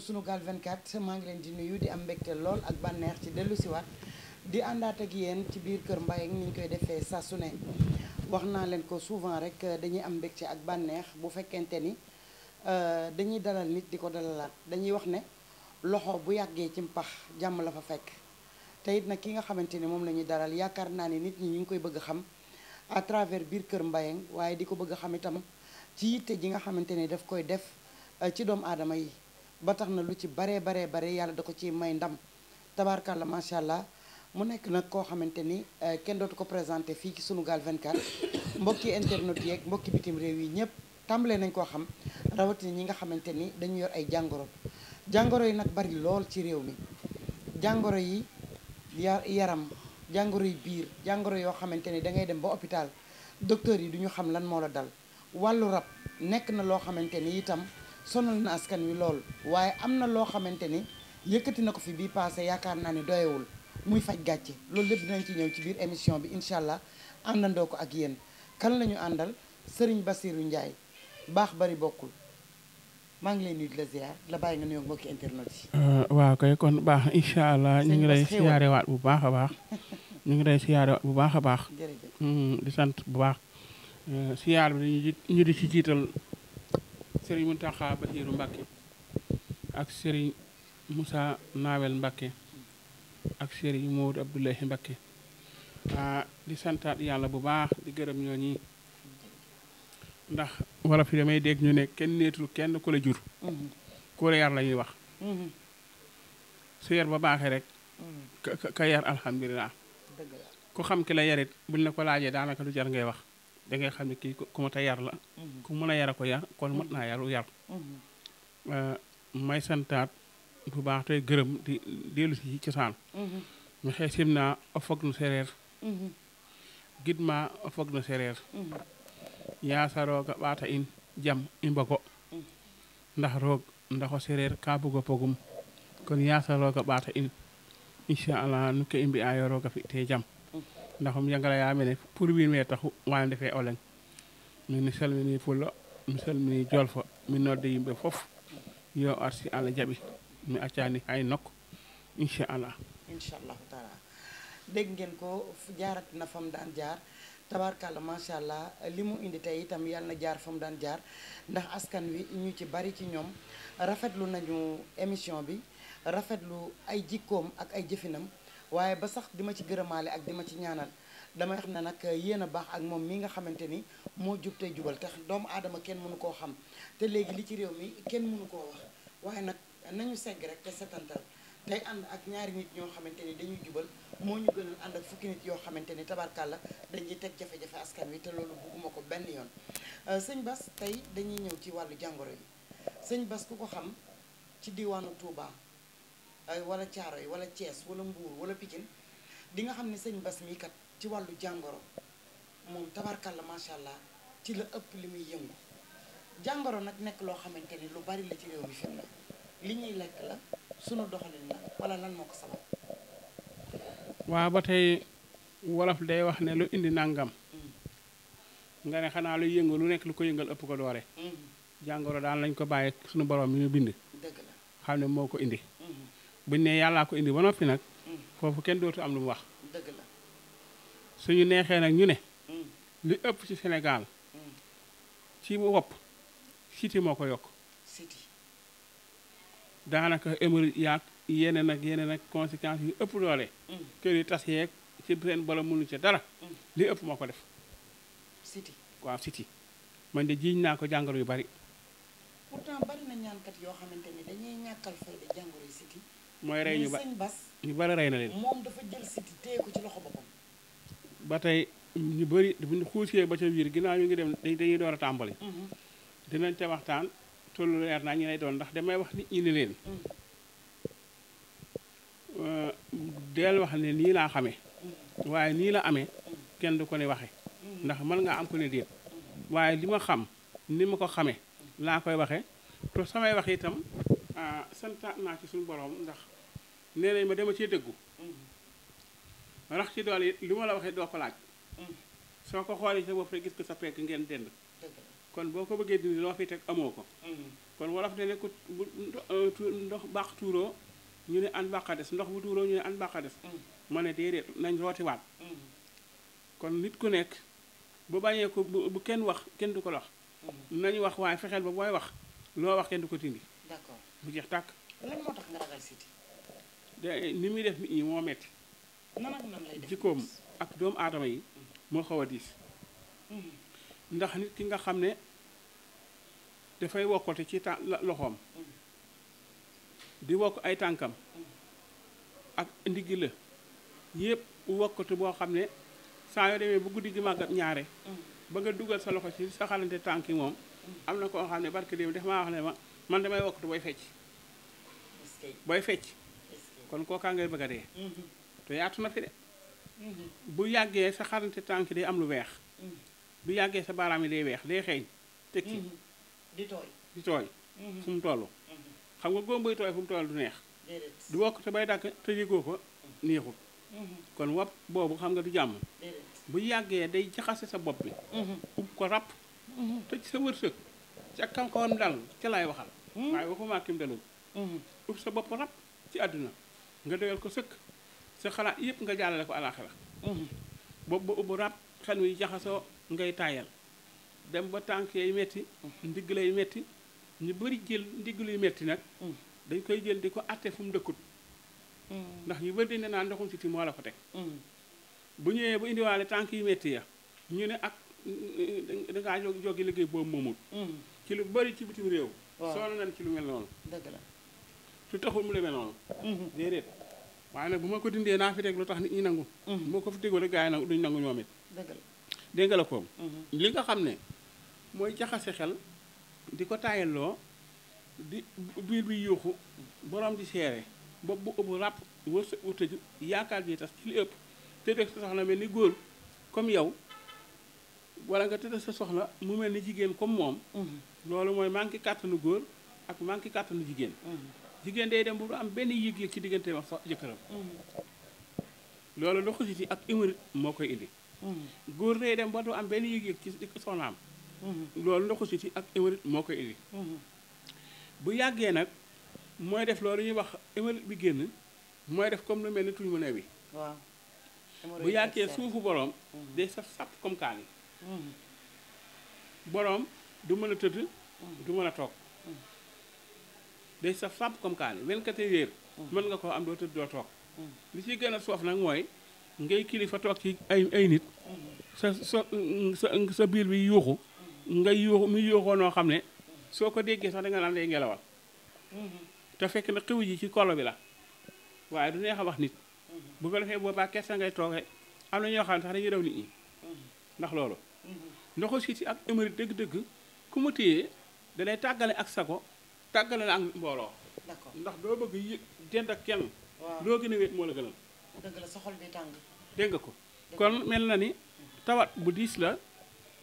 sunu Sunugal 24 maa ngi leen di nuyu di am mbégte lool ak bànneex ci dellu waat di àndaat ak yéen ci biir kër Mbaye ni ñu koy defee sa su ne wax naa leen ko souvent rek dañuy am mbégte ak bànneex bu fekkente ni euh, dañuy dalal nit di ko dalalaat dañuy wax ne loxo bu yàggee ci mpax jàmm la fa fekk te it nag ki nga xamante ni moom la ñuy dalal yaakaar naa ne nit ñi ñu ngi koy bëgg a xam à travers biir kër Mbaye waaye di ko bëgg a xam itam ci yitte ji nga xamante ni daf koy def euh, ci doomu aadama yi ba tax na lu ci baree bare bare yàlla da ko ci may ndam tabaarkàlla macha allah mu nekk nag koo xamante ni eh, kenn dootu ko présenté fii ci sunu Sunugal 24 mbokki internet yeeg mbokki bitim réew yi ñëpp tàmbalee nañ koo xam rawatina ñi nga xamante ni dañu yor ay jàngoro jàngoro yi nag bari lool ci réew mi jàngoro yi yaram jàngoro yi biir jàngoro yoo xamante ni da ngay dem ba hôpital docteur yi duñu xam lan moo la dal wàllu rab nekk na loo xamante ni itam sonal na askan wi lool waaye am na loo xamante ni yëkkati na ko fi bii passé yaakaar naa ne doyewul muy faj gàcce loolu lépp dinañ ci ñëw ci biir émission bi incha allah àndandoo ko ak yéen kan la ñu àndal Serigne Bassirou Ndiaye baax bari bokkul maa ngi lay nuyu di la ziar la bàyyi nga nuyoo mbokki internet yi. Euh, waaw kay kon baax incha allah ñu ngi lay siyaare waat bu baax a baax ñu ngi lay siyaare waat bu baax a baax. Mm-hmm, di sant bu baax siyaar euh, bi ñu di ci jiital. sëriñ Muntaxa Basiiru Mbàkke ak sëriñ Moussa naawel Mbàkke ak sëriñ Moodu Abdoulahi Mbàkke ah, di santaat yàlla bu baax di gërëm ñoo ñi ndax wala fi may dégg ñu ne kenn neetul kenn ku la jur ku la yar la ñuy wax su yar ba baaxee rek ka yar alhamdulilah ku xam ki la yarit buñ la ko laajee daanaka du jar ngay wax da ngay xam ne kii ku mat yar la mhm. ku mën a yar ko yar kon mat naa yaru yar mhm. euh, may santaat bu baax tey gërëm di dellu si cosaan mi mhm. xee sim naa a foog na sereer gid ma foog na sereer yaa rooga ɓaata in jam i mbogo ndax roog ndax sereer ka bugo pogum kon yaa rooga ɓaata in inchaallah nu ke i mbi'aayo rooga fi te jam ndaxam yangalaya mene purɓin we taxu wane defe o leŋ min mi salmini fulo mi salmini jolfo mi nodde foofu fof yo arsi allah jaaɓi mi accani hay nokku inchallah inchallahu taala dégg ngeen ko jaarati na fam daan jaar tabarkalla macha allah li mu indi tey itam yàlla na jaar fa mu daan jaar ndax askan wi ñu ci bari ci ñoom rafetlu nañu émission bi rafetlu ay jikkoom ak ay jëfinam waaye ba sax di ma ci gërëmaale ak di ma ci ñaanal damay xam ne nag yéen a baax ak moom mi nga xamante ni moo jub tey jubal te doomu aadama kenn mënu koo xam te léegi li ci réew mi kenn mënu koo wax waaye nag nañu segg rek te setantal tey ànd ak ñaari nit ñoo xamante ni dañuy jubal moo ñu gënal ànd ak fukki nit yoo xamante ni tabarkàlla dañuy teg jafe-jafe askan wi te loolu bugguma ko benn yoon euh, sëñ Bas tey dañuy ñëw ci wàllu jàngoro yi sëñ Bas ku ko xam ci diwaanu Touba. wala Thiaroye wala Thiès wala Mbour wala Pikine di nga xam ne sëñ Bass mii kat ci wàllu jàngoro moom la macha allah ci la ëpp li muy yëngu jàngoro nag nekk loo xamante ni lu bari la ci réew mi fi na li ñuy lekk la sunu doxalin la wala lan moo ko sabab. waaw ba tey wolof day wax ne lu indi nangam. Mm. nga ne xanaa lu yëngu lu nekk lu ko yëngal ëpp ko doore. Mm. jàngoro daan lañ ko bàyyi sunu borom mi ñu bind. xam ne moo ko indi. buñ ne yàllaa ko indi ba noppi nag foofu kenn dootu am lu mu wax dëgg la neexee nag ñu ne mm. li ëpp ci Sénégal mm. ci wopp siti moo ko yokk daanaka émeri yaag yeneen ak yeneen ak conséquences yu ëpp doole mm. kër yi tas yeeg ci seen bala mënu ca dara li ëpp moo ko def siti waaw man de jiiñ naa ko jàngoro yu bari mooy rey ñu ba ñu bari rey na leen. moom ba tey ñu bari bu xuusee ba ca biir ginnaaw ñu ngi dem dañuy door a tàmbali. Mhm. dina ca waxtaan tollu leer naa ñu lay doon ndax damay wax nit ñi ne leen. Mhm. Euh, del wax ne nii laa xame mhm. waaye nii la amee kenn du ko ne waxe ndax mën ngaa am ko ne déet waaye li ma xam ni ma ko xame laa koy waxe to samay wax itam Ah, santaat naa ci suñu borom ndax nee nañ ma dema cee dëggu mm-hmm. rax ci dool yi li ma la waxee doo ko laaj mm-hmm. soo ko xoolee sa bopp rek gis ko sa pekk ngeen dend kon boo ko bëggee dindi loo fi teg amoo ko mm-hmm. kon wolof ne ne ku ndox baax euh, tuuroo ñu ne an baax a des ndox bu tuuroo ñu an baax a des ma ne déedéet nañ rootiwaat kon nit ku nekk bu bañee ko bu kenn wax kenn du ko wax nañu wax waaye fexeel ba booy wax loo wax kenn du ko dindi mu jeex tàkk. lan moo ni muy def nit ñi moo metti jikkoom ak doomu aadama yi mm-hmm. moo xaw a diis. Mm-hmm. ndax nit ki nga xam ne dafay wokkate ci ta loxoom. Mm-hmm. di wokk ay tànkam. ak ndigg la yépp wokkatu boo xam ne saa yoo demee bu guddi gi màggat ñaare. ba nga dugal sa loxo ci sa xalante tànki moom. am na koo xam ne barke dem dafa maa wax ne ma. man damay wokkatu booy fecc booy fecc kon kookaa ngay bëgg dee mm-hmm. te yaatu na fi de mm-hmm. bu yàggee sa xarante tànk day am lu weex mm-hmm. bu yàggee sa baaraam yi day weex day xeeñ tekki di tooy di tooy mu toll xam nga góom bay tooy fu mu du neex du wokk te bay dàkk te yëgoo ko neexul kon wopp boobu xam nga du jàmm bu yàggee day jaxase sa bopp bi ub ko ràpp te sa wërsëg ca kankoon dal ca lay waxal Hmm? waaye waxuma kim dalul hmm. uf sa bopp rab ci àdduna nga doyal ko sëkk sa xalaat yëpp nga jàllale ko àlaxira hmm. bopp ba ubbu rab xel wi jaxasoo ngay taayal dem ba tànk yay metti ndigg lay metti ñu bëri jël ndigg luy metti nag dañ koy jël di ko atte fu mu dëkkut ndax ñu bëri dañ ne naan ndoxum siti moo la ko teg bu ñëwee bu indiwaale tànk yi metti ya ñu ne ak mm, mm, mm, dangaa jóg jógi liggéey boobu moomut ci lu bëri ci bitim réew waaw soxla nañ ci lu mel noonu. su la mu demee noonu. Mm-hmm. déedéet waaye nag bu ma ko dindee naa fi teg lu tax nit ñi nangu. Mm-hmm. bu ko fi tegoo rek nag duñ nangu ñoom la dégg nga mm-hmm. nga xam ne mooy jaxase xel di ko taayaloo di biir bi yuuxu borom di seere bopp bu ëpp ràpp wërsëg wu tëju yaakaar bi tas ci li ëpp te def soxna mel ni góor comme yow. wala nga tëdd sa soxla mu mel ni jigéen comme moom mm-hmm. loolu mooy manqué kàttanu góor ak manqué kàttanu jigéen mm-hmm. jigéen day dem bu du am benn yëg-yëg ci diggante wax sax jëkkëram mm-hmm. loolu loxositi ak moo koy indi góor day dem ba am benn yëg-yëg ci soxnaam loolu loxositi ak imarit moo koy indi bu yàggee nag mooy def loolu ñuy wax imarit bi génn mooy def comme lu mel ni tuñ mu ne bi waaw bu yàggee suufu borom day saf sàpp comme kaan boroom du mën a tëdd mm. du mën a toog mm. day saf sàpp comme kaani 24 heures mm. mën nga koo am doo tëdd doo toog li ci gën a soof nag mooy ngay kilifa toog ci ay ay nit sa sa sa biir bi yuuxu nga yuuxu muy yuuxoo noo xam ne soo ko déggee sax da nga naan ngelawal te fekk na xiw yi ci kolo bi la waaye du neex a wax nit mm-hmm. bu ko defee boobaa kersa ngay toogee am na ñoo xam ne sax dañuy daw nit ñi mm-hmm. ndax loolu ndoxu siiti ak émeri dëgg-dëgg ku mu téye danay tàggale ak sago tàggale la ak mbooloo ndax doo bëgg yëg dend ak kenn loo gën a wéet moo la gënal dëgg tàng dégg nga ko kon mel na ni tawat bu diis la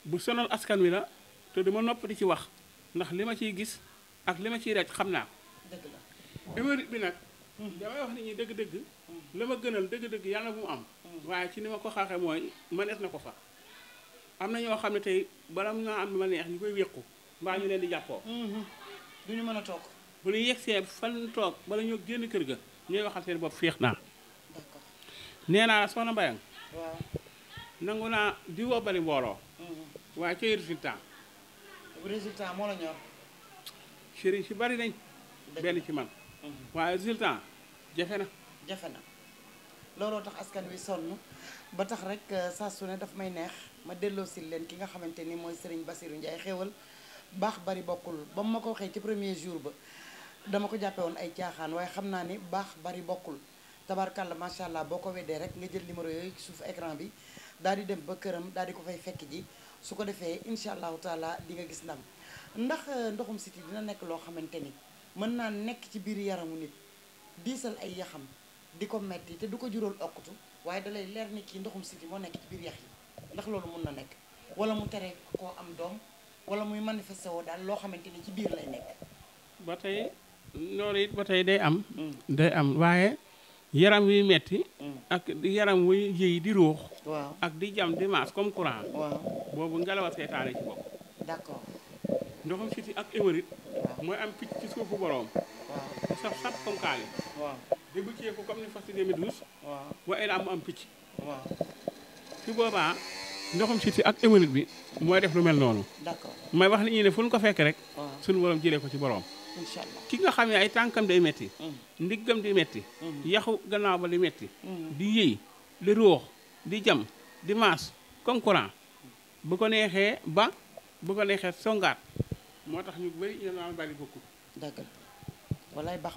bu sonal askan wi la te dama noppati ci wax ndax li ma ciy gis ak li ma ciy raj xam naa ko dëgg la bi nag hmm. damay wax nit ñi dëgg-dëgg hmm. la ma gënal dëgg-dëgg yàlla bu mu am hmm. waaye ci ni ma ko xaaxee mooy mënees na ko fa am na ñoo xam ne tey bala ñu am lu ma neex ñu koy wéqu mbaa ñu leen di jàppoo. Mm-hmm. du ñu mën a toog. bu ñu yegsee fan toog bala ñoo génn kër ga ñooy waxal seen bopp féex naa. nee naa soxna Mbayang. waaw nangu naa diwoo bari mbooloo. Mm-hmm. waaye ci résultat. résultat moo la ñor. chéri si bari nañ. benn ci man. Mm-hmm. waaye résultat jafe na. jafe na looloo tax askan wi sonn. ba tax rek euh, saa su ne daf may neex ma delloosi leen ki nga xamante ni mooy Serigne Bassirou Ndiaye xéewal baax bari bokkul ba mu ma ko waxee ci premier jour ba dama ko jàppe woon ay caaxaan waaye xam naa ni baax bari bokkul tabarkàlla macha allah boo ko weddee rek nga jël numéro yooyu ci suuf écran bi daal di dem ba këram daal di ko fay fekk ji su ko defee incha allahu taala di nga gis ndam ndax euh, ndoxum siti dina nekk loo xamante ni mën naa nekk ci biir yaramu nit diisal ay yaxam di ko metti te du ko jural okkutu waaye dalay leer ni kii ndoxum siti moo nekk ci biir yax yi ndax loolu mun na nekk wala mu tere koo am doom wala muy manifesté woo daal loo xamante ni ci biir lay nekk ba tey loolu it ba tey day am mm. day am waaye yaram wuy metti mm. ak yaram wuy yëy di ruux ak di jam di maas comme courant waaw boobu ngelawa seytaane ci bopp d'accord ndoxum siti ak émérite mooy am picc ci suufu boroom sax sax comme kaani di buccee ko comme ni fas yéene douze. waaw wa ilaa mu am picc. su boobaa ndoxum siti ak émérite bi mooy def lu mel noonu. may wax nit ñi ne fu ko fekk rek. suñu borom jëlee ko ci borom. ki nga xam ne ay tànkam day metti mm. ndiggam di metti mm. yaxu gannaaw ba di metti mm. di yëy di ruux di jam di maas comme courant bu ko neexee ba bu ko neexee songaat moo tax ñu bëri ñu naan bari bokkul. dëgg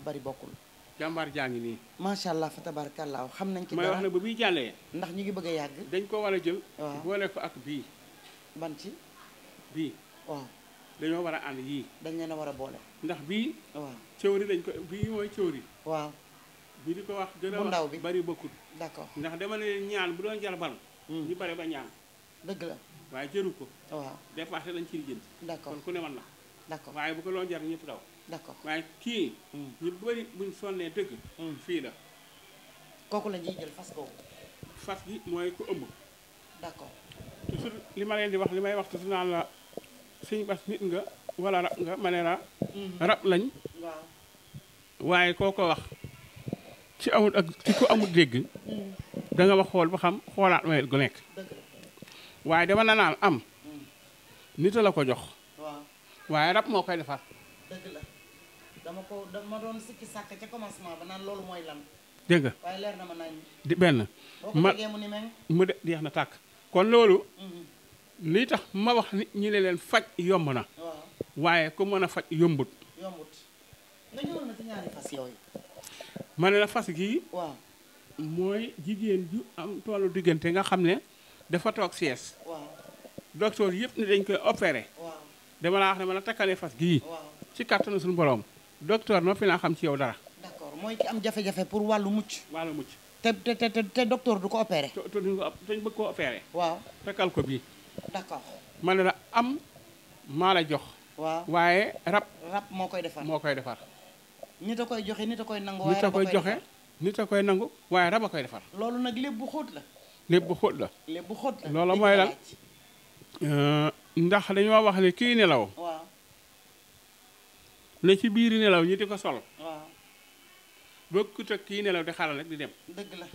bari bokkul. jàmbaar jaa ngi nii. macha allah fa tabarakallah xam nañ ci dara may wax ne ba bii jàllee. ndax ñu ngi bëgg a yàgg. dañ ko war a jël. waaw boole ko ak bii. ban ci. bii. waaw dañoo war a ànd yii. dañ leen a war a boole. ndax bii. waaw cëwri dañ ko bii mooy cëwri. waaw. bii di ko wax gën ndaw bi bari bokkul. d'accord ndax dama ne ñaan bu doon jar bal. Hmm. ñu bare ba ñaan. dëgg la. waaye jëru ko. waaw dépassé lañ ciy jënd. d'accord kon ku ne man la. d'accord waaye bu ko doon jar ñëpp daw. d'accord waaye kii. Hmm. ñu bëri buñ sonnee dëgg. Hmm. fii la. kooku la ñuy jël fas boobu. fas gi mooy ko ëmb. d'accord toujours li ma leen di wax li may wax toujours naan la suñu bas nit nga wala rab nga ma ne hmm. rab lañ. waaye koo ko wax ci amul ak ci ko amul dégg. da nga wax xool ba xam xoolaat mayet gu nekk. waaye dama na naan am. nit a la ko jox. waaye rab moo koy defar. dama ko dama doon sikki sàkk ca commencement ba loolu mooy lan. dégg nga waaye leer ma nañ di benn. ma mu de jeex na tàkk kon loolu. Mhm. lii tax ma wax nit ñi ne leen faj yomb na. waaye ku mën a faj yombut. yombut ma ne la fas gii. mooy jigéen ju am toolu diggante nga xam ne dafa toog sees. waaw docteur yëpp ne dañ koy opéré. waaw dama la wax ne ma la takkalee fas gii. ci kattanu suñu borom. docteur fi naa xam ci yow dara. d'accord mooy ki am jafe-jafe pour wàllu mucc. wàllu mucc. te te te du ko opéré. te duñ ko dañ bëgg koo opéré. waaw fekkal ko bii. d'accord ma ne la am maa la jox. waaw waaye rab. rab moo koy defar moo koy defar. nit a koy joxe nit a koy nangu. waaye rab a koy joxe nit a koy nangu waaye rab a koy defar. loolu nag lépp bu xóot la. lépp bu xóot la. lépp bu xóot la loolu mooy lan. Euh, ndax dañoo wax ne kii nelaw. ne ci biir nelaw ñi di ko sol. waaw bokkut ak kii nelaw di xaaral rek di dem. dëgg la.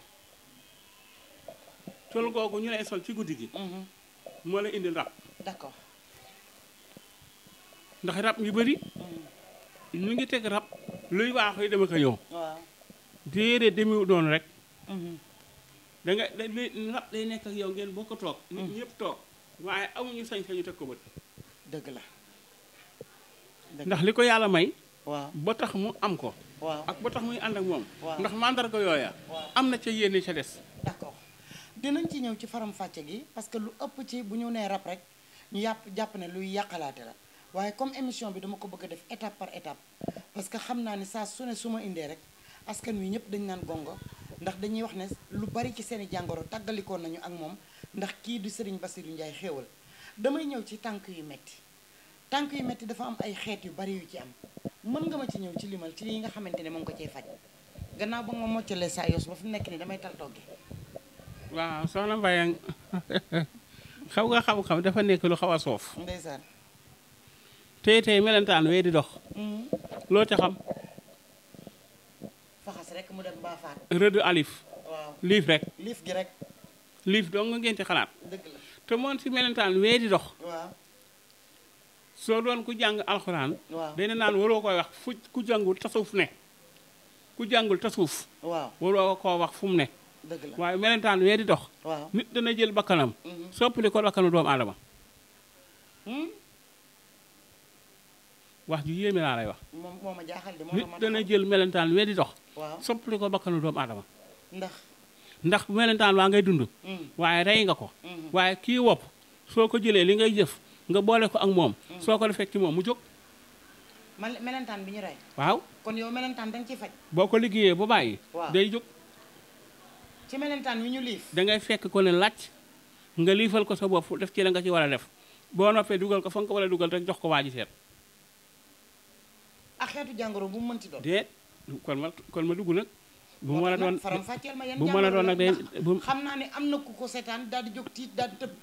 sol googu ñu lay sol ci guddi gi. Mhm. moo la indil rab. d'accord. ndax rab yu bëri. Mhm. ñu ngi teg rab luy waaxu yi déedéet demiwul doon rek. Mhm. da nga da day nekk ak yow ngeen boo ko toog. nit ñëpp toog waaye amuñu sañ-sañu teg ko bët. dëgg la. ndax li ko yàlla may. waaw ba tax mu am ko. waaw ak ba tax muy ànd ak moom. ndax mandarga yooya. am na ca yéene ca des. d'accord dinañ ci ñëw ci faram-fàcce gi parce que lu ëpp ci bu ñu nee rab rek ñu yàpp jàpp ne luy yàqalaate la waaye comme émission bi dama ko bëgg a def étape par étape parce que xam naa ni saa su ne su ma indee rek askan wi ñëpp dañ naan gongo ndax dañuy wax ne lu bari ci seen i jàngoro tàggalikoon nañu ak moom ndax kii du Serigne Bassirou Ndiaye xéewal damay ñëw ci tànk yu metti tànk yu métti dafa am ay xeet yu bari yu ci am mën nga ma ci ñëw ci limal ci li nga xamante ni mu ko cee faj gannaaw ba nga moccalee saa yos ba fi nekk nii damay tal togge waaw soxna Mbaye xaw nga xam-xam dafa nekk lu xaw a soof. ndeysaan. tey tey melentaan wee di dox. Mm-hmm. loo xam. faxas rek mu dem baafaat. rëdd alif. waaw liif rek. liif gi rek. liif dong ngeen ci xalaat. te moom si melentaan wee di dox. soo doon ku jàng alxuraan. waaw dañu naan waroo koy wax fu ku jàngul tasuuf ne. ku jàngul tasuuf. waaw waroo koo wax fu mu ne. dëgg waaye melentaan wee di dox. waaw nit dana jël bakkanam. Mm-hmm. soppali ko bakkanu doomu aadama. Hmm? wax ju yéeme laa wax. moom moo jël melentaan wee di dox. waaw soppali ko bakkanu doomu ndax. ndax melentaan waa ngay dund. Mm. waaye rey nga ko. Mm-hmm. waaye kii wopp soo ko jëlee li ngay jëf. nga boole ko ak moom. Mm. soo ko defee ci moom mu jóg. man melentaan bi ñu rey. waaw kon yow melentaan da nga faj. boo ko liggéeyee bu bàyyi. day jóg. ci melentaan bi ñu liif. da ngay fekk ko ne laaj nga liifal ko sa bopp def ci la nga ci war a def boo noppee dugal ko fa nga ko war a dugal rek jox ko waa ji seet. ak xeetu jàngoro bu mu mënti doon. déet kon ma kon ma dugg nag. bu ma la doon faram fàcceel ma yan bu ma la doon nag day. xam naa ne am na ku ko seetaan daal di jóg tiit daal di tëb.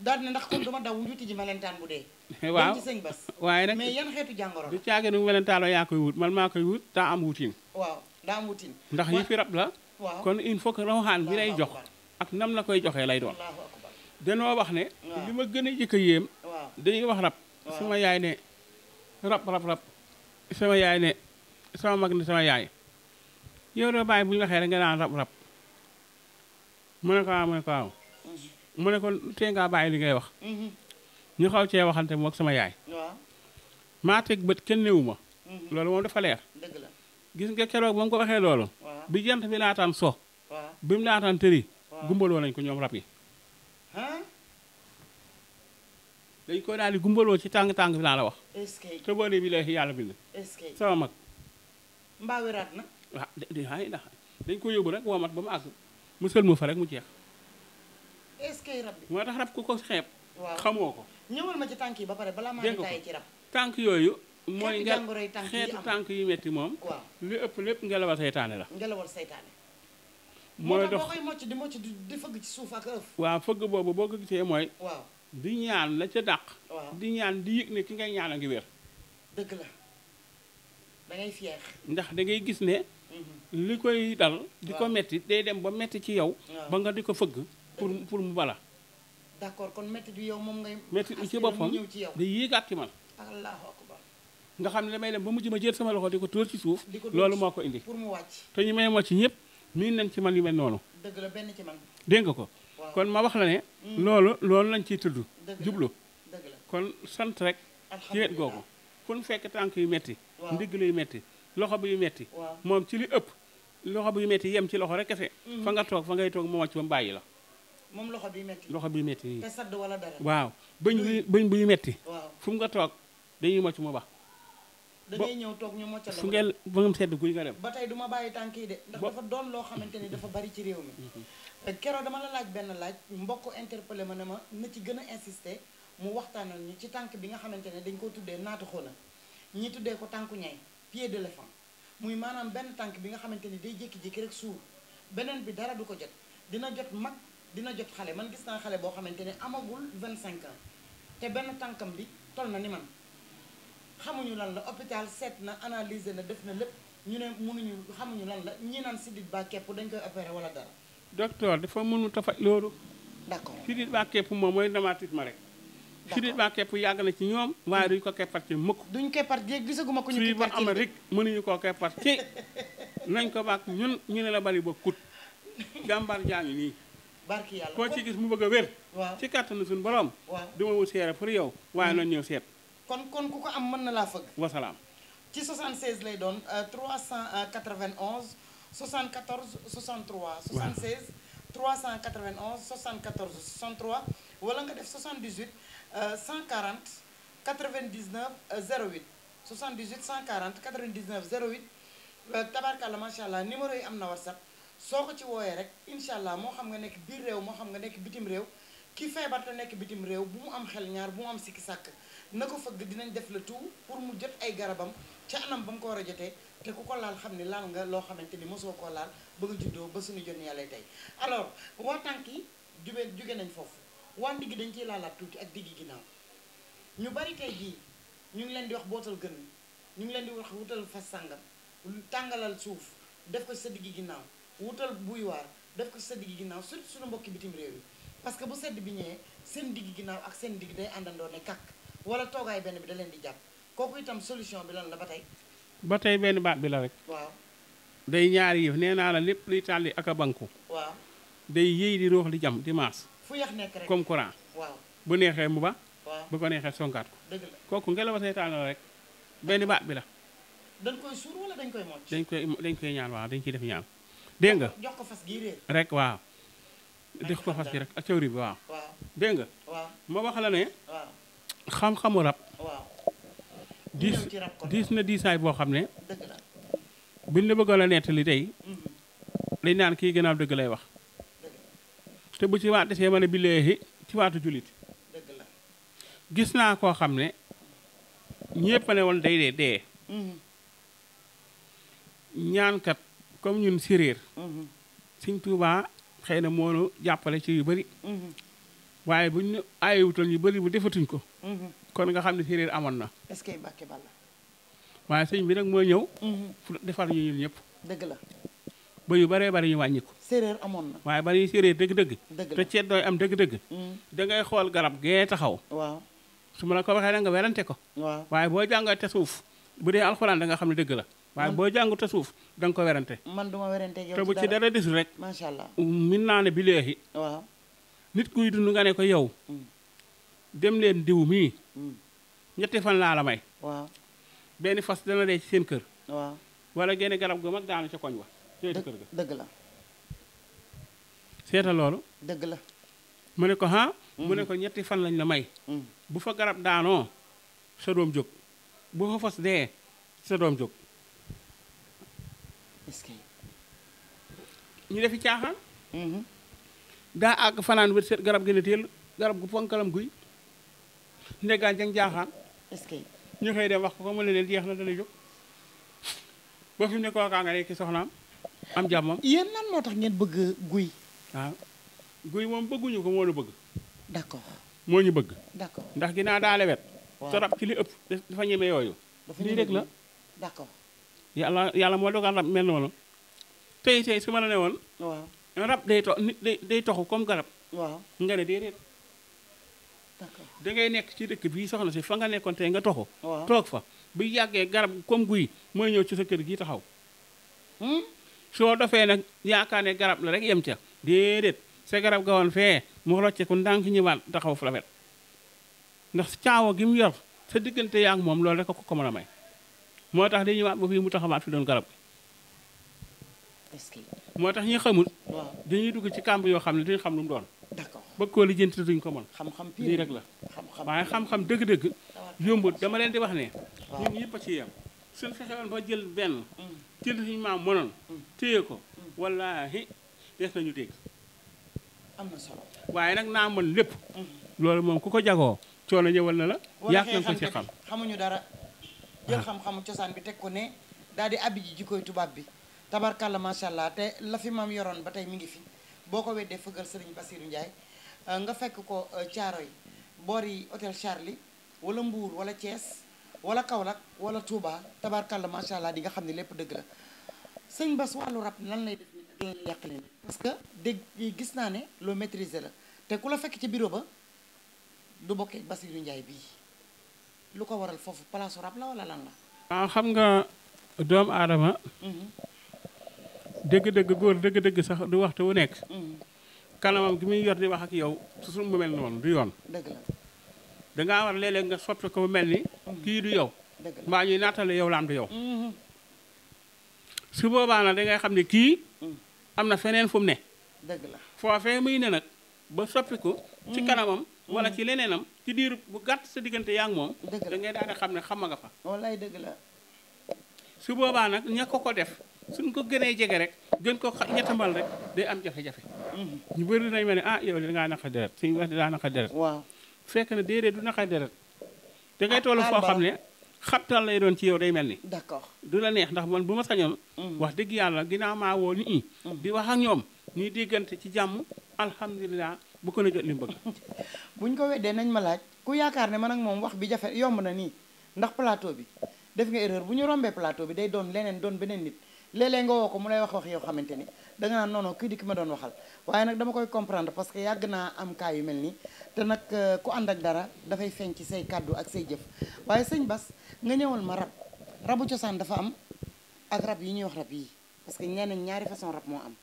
daal na ndax kon daw wuti ji melentaan bu dee. waaw ci waaye nag mais yan xeetu jàngoro la. du yaa koy wut man maa koy wut daa am wutin. waaw daa am ndax yi fi rab la. kon il faut que rawxaan bi lay jox. ak nam la koy joxee lay doon. danoo wax ne. li ma gën a jëkk a yéem. dañuy wax rab. sama yaay ne rab rab rab. sama yaay ne sama mag ne sama yaay. yow doo bàyyi bu ñu waxee nga naan rab rab. mu ko waaw mu ko waaw. Mm-hmm. mu ne ko tee ngaa bàyyi li ngay wax. Mhm. ñu xaw cee waxante moog sama yaay. waaw maa teg bët kenn néewu ma. Mhm. loolu moom dafa leer. gis nga keroog ba mu ko waxee loolu. bi jant bi laataan so. bi mu laataan tëri. gumbaloo nañ ko ñoom rab yi. dañ ko daal di gumbaloo ci tàng tàng bi la wax. est-ce que bi lay yàlla sama mag. mbaa weraat dañ ko yóbbu rek woo mat ba mu àgg mu sël fa rek mu jeex. est-ce que rab bi moo tax rab ku ko xeeb. waaw xamoo ko. ci tànk yi ba pare balaa maa ngi taay ci tànk yooyu. mooy nga xeetu tànk yu metti moom. li ëpp lépp ngelawal seytaane la. ngelawal seytaane. mooy dox moo koy mocc di mocc fëgg ci suuf ak ëf. boobu boo ko gisee mooy. waaw di ñaan la ca dàq. di ñaan di yëg ne ki ngay ñaan a ngi wér. ndax da ngay gis ne. Mhm. li koy dal. di ko metti day dem ba metti ci yow. ba nga di ko fëgg. pour pour mu bala. d'accord kon métti du yow moom ngay. métti ci boppam day yéegaat ci man. nga xam ne damay dem ba mujj ma jël sama loxo di ko tóor ci suuf. loolu moo ko indi. pour mu wàcc te ñu may moo ci ñëpp miin nañ ci man yu mel noonu. dëgg la benn ci man. dégg nga ko. kon ma wax la ne. Mm. loolu loolu lañ ciy tudd. jublu kon sant rek. ci wet googu fu fekk tànk yu metti ndigg luy metti loxo bi yu metti moom ci li ëpp loxo bi yu metti yem ci loxo rek kese. Mm. fa nga toog fa ngay toog mu wàcc ba bàyyi la moom loxo bi metti loxo bi metti nii. te sadd wala dara. waaw bëñ bu bëñ buy metti. waaw fu mu nga toog dañuy mocc mu ba da ñëw toog ñu mocc la fu ngeen ba nga ba tey du bàyyi tànk yi de. ndax dafa doon loo xamante ni dafa bari ci réew mi. te mhm. keroo dama la laaj benn laaj mbokk interpellé ma ne ma na ci gën a insister mu waxtaanal ñu ci tànk bi nga xamante ne dañ koo tuddee naatu xola ñi tuddee ko tànku ñay pied d'éléphant muy maanaam benn tànk bi nga xamante ni day jékki-jékki rek suur beneen bi dara du ko jot dina jot mag dina jot xale man gis naa xale boo xamante ne amagul vingt 25 ans te benn tànkam bi tol na ni man xamuñu lan la hôpital seet na analyser na def na lépp ñu ne mënuñu xamuñu lan la ñi naan sidit baa kepp dañ koy opéré wala dara. docteur dafa mënut a faj loolu. d'accord sidit baa kepp moom mooy dermatite ma rek. sidit baa kepp yàgg na ci ñoom. waaye duñ ko keppar ci mukk. duñ keppar jéeg gisaguma ko ñu. kii ba Amérique mënuñu koo keppar ci nañ ko baak ñun ñu ne la bari ba kut. jàmbaar jaa ngi barki yàlla koo ci gis mu bëgg a wér. waaw ci kàttanu suñu borom. waaw du wut seere pour yow. waaye hmm. noonu ñëw seet. kon kon ku ko am mën na laa fëgg. wasalaam. ci 76 lay doon 391 74 63. waaw 76 391 74 63 wala nga def 78 140 99 08 78 140 99 08 tabarkalla macha allah numéro yi am na whatsapp. soo ko ci wooyee rek incha allah moo xam nga nekk biir réew moo xam nga nekk bitim réew ki feebar te nekk bitim réew bu mu am xel ñaar bu mu am sikki sàkk na ko fëgg dinañ def le tout pour mu jot ay garabam ca anam ba mu ko war a jotee te ku ko laal xam ni laal nga loo xamante ni mosoo koo laal bëgg a juddoo ba suñu jon yàlla tey alors waa tànk yi jube jóge nañ foofu waa ndigg dañ ciy laalaat tuuti ak digg ginnaaw ñu bari tey jii ñu ngi leen di wax bootal gën ñu ngi leen di wax wutal fas sàngam tàngalal suuf def ko sa diggi ginnaaw wutal buy waar def ko sa digg ginnaaw surtout suñu mbokki bitim réew yi parce que bu sedd bi ñëwee seen digg ginnaaw ak seen digg day àndandoo ne kàkk wala toogaay benn bi da leen di jàpp solution bi lan la ba ba tey benn baat bi la rek waaw day ñaari yëf nee naa la lépp luy tàlli ak a banku waaw day di roox li jam di maas fu yax waaw bu mu ba waaw bu kooku ngelaw seytaan la benn baat bi la dañ koy suur wala dañ koy mocc dañ koy dañ ñaan waa dañ ciy def ñaan dégg nga jox ko fas gi réer rek waaw. jox ko fas gi rek ak cawri bi waaw. waaw ma wax la ne. waaw xam-xamu rab. diis diis na diisaay boo xam ne. buñ la bëggoon a nettali tey. Mhm. dañ naan kii gënaaw dëgg wax. te bu ci desee ma bi léegi ci waatu jullit. gis naa koo xam ne ñépp ne woon day mhm. ñaankat. comme ñun séréer mm-hmm. Sëñ Tuubaa xëy na moo jàppale ci yu bëri mm-hmm. waaye buñ ñu aayewutoon yu bëri bu defatuñ ko mm-hmm. kon nga xam ne séréer amoon na est-ce que Mbàkke Balla waaye sëñ bi nag moo ñëw defar ñu ñun ñëpp dëgg la ba yu bëree bari ñu wàññi ko amoon waaye bari séréer dëgg-dëgg te ceet dooy am dëgg-dëgg da ngay xool garab gee taxaw waaw su ma la ko waxee da nga werante ko waaw waaye boo jàngatee suuf bu dee alxuraan da nga xam ne dëgg la waaye boo jàngut suuf da nga ko werante man du ma werante te bu ci dara desul rek macha allah um, min naa ne bi léegi nit kuy dund nga ne ko yow mm. dem leen diw mii mm. ñetti fan laa la may benn fas dana dee ci seen kër walla wala génne garab ga mag daanu ca koñ wa kër ga dëgg seeta loolu dëgg la mu ne ko ha mu ne mm. ko ñetti fan lañ la may bu fa garab daanoo sa doom jóg bu fa fas dee sa doom jóg risques ñu defi caaxaan. daa mm-hmm. àgg fanaan wër seet garab gi la teel garab gu ponkalam guy ndegaan jang jaaxaan. ñu xëy dem wax ko mu ne leen jeex na dana jóg ba fi mu ne kookaa nga nekk soxnaam am jàmmam. yéen lan moo tax ngeen bëgg guy. Ah, guy moom bëgguñu ko moo ñu bëgg. moo ñu bëgg. d'accord ndax ginnaaw daa lewet. waaw te rab ci li ëpp dafa ñeme yooyu. lii rek yàlla yàlla moo dogal rab mel noonu tey tey su ma la ne woon. waaw rab day to nit day toxu comme garab. waaw nga ne déedéet. d'accord nekk ci dëkk bii soxna si fa nga nekkoon tey nga toxu. toog fa bu yàggee garab comme guy mooy ñëw ci sa kër gi taxaw. Hmm? soo dofee nag yaakaar ne garab la rek yem ca déedéet sa garab ga woon fee mu rocce ku ndànk ñëwaat taxaw fu la wet ndax caawa gi mu yor sa diggante yaa ak moom loolu rek ko ko mën a may. moo tax dañuy waat ba fii mu taxawaat fi doon garab moo tax ñi xamul dañuy dugg ci kàmb yoo xam ne duñu xam lu mu doon bëgg koo lijjanti duñ ko mën lii rek la waaye xam-xam dëgg-dëgg yombut dama leen di wax ne ñun ñëpp a ci yem suñ fexewoon ba jël benn mm. jël suñu maam mënoon mm. téye ko mm. wallaahi des nañu dégg am waaye nag naa mën lépp loolu moom ku ko jagoo coono ñëwal na la yàq nañ ko ci xam jël ah. xam-xamu cosaan bi teg ko ne daal di abi ji koy tubaab bi tabarkàlla macha allah te la fi maam yoroon ba tey mi ngi fi boo ko weddee fëggal sëriñ Basiru Ndiaye euh, nga fekk ko caaro euh, yi boor yi hôtel Charlie wala Mbour wala Thiès wala Kaolack wala Touba tabarkàlla macha allah di nga xam ne lépp dëgg la sëñ Bas wàllu rab nan lay def ni yàq leen parce que dégg gis naa ne loo maîtriser la te ku la fekk ci bureau ba du bokkee Basiru Ndiaye bii lu ko waral foofu palaasu rab la lan la. waaw ah, xam nga doomu aadama. dégg mhm. dëgg góor dëgg-dëgg sax du waxtu wu nekk. Mhm. kanamam gi muy yor di wax ak yow su mu mel noonu du yoon. dëgg la dangaa war léeg-léeg nga soppi ko mu mel ni. Mhm. kii du yow. mbaa ñuy naatale yow laam du yow. su boobaa nag dangay xam ne kii. am na feneen fum ne. dëgg la foofee muy ne ba soppi ko ci mm. kanamam wala ci mm. leneenam ci diir bu gàtt sa diggante yaa ngi moom da ngay daal xam ne xam nga fa wallaay dëgg la su boobaa nag ña ko ko def suñ ko gënee jege rek gën ko ñettamal rek day am jafe-jafe mm. ñu bëri nañ mel ne ah yow li dangaa naqa deret suñu wax daa naqa deret waaw fekk na déedéet du naqa deret da ngay ah, toll ah, foo xam ne xabtal lay doon ci yow day mel ni d'accord du la neex ndax man bu ma sañoon wax dëgg yàlla ginnaaw maa woo nit ñi di ñoom déggante ci jàmm alhamdulilah bu ko na jot li mu bëgg. buñ ko weddee nañ ma laaj ku yaakaar ne man ak moom wax bi jafe yomb na nii ndax plateau bi def nga erreur bu ñu rombee plateau bi day doon leneen doon beneen nit léeg-léeg nga woo ko mu lay wax wax yoo xamante ni da nga naan noonu kii di ki ma doon waxal waaye nag dama koy comprendre parce que yàgg naa am cas yu mel nii te nag euh, ku ànd ak dara dafay feeñ ci say kàddu ak say jëf waaye sëñ Bas nga ñëwal ma rab rabu cosaan dafa am ak yi ñuy wax rab yi parce que ñeneen ñaari façon rab moo am.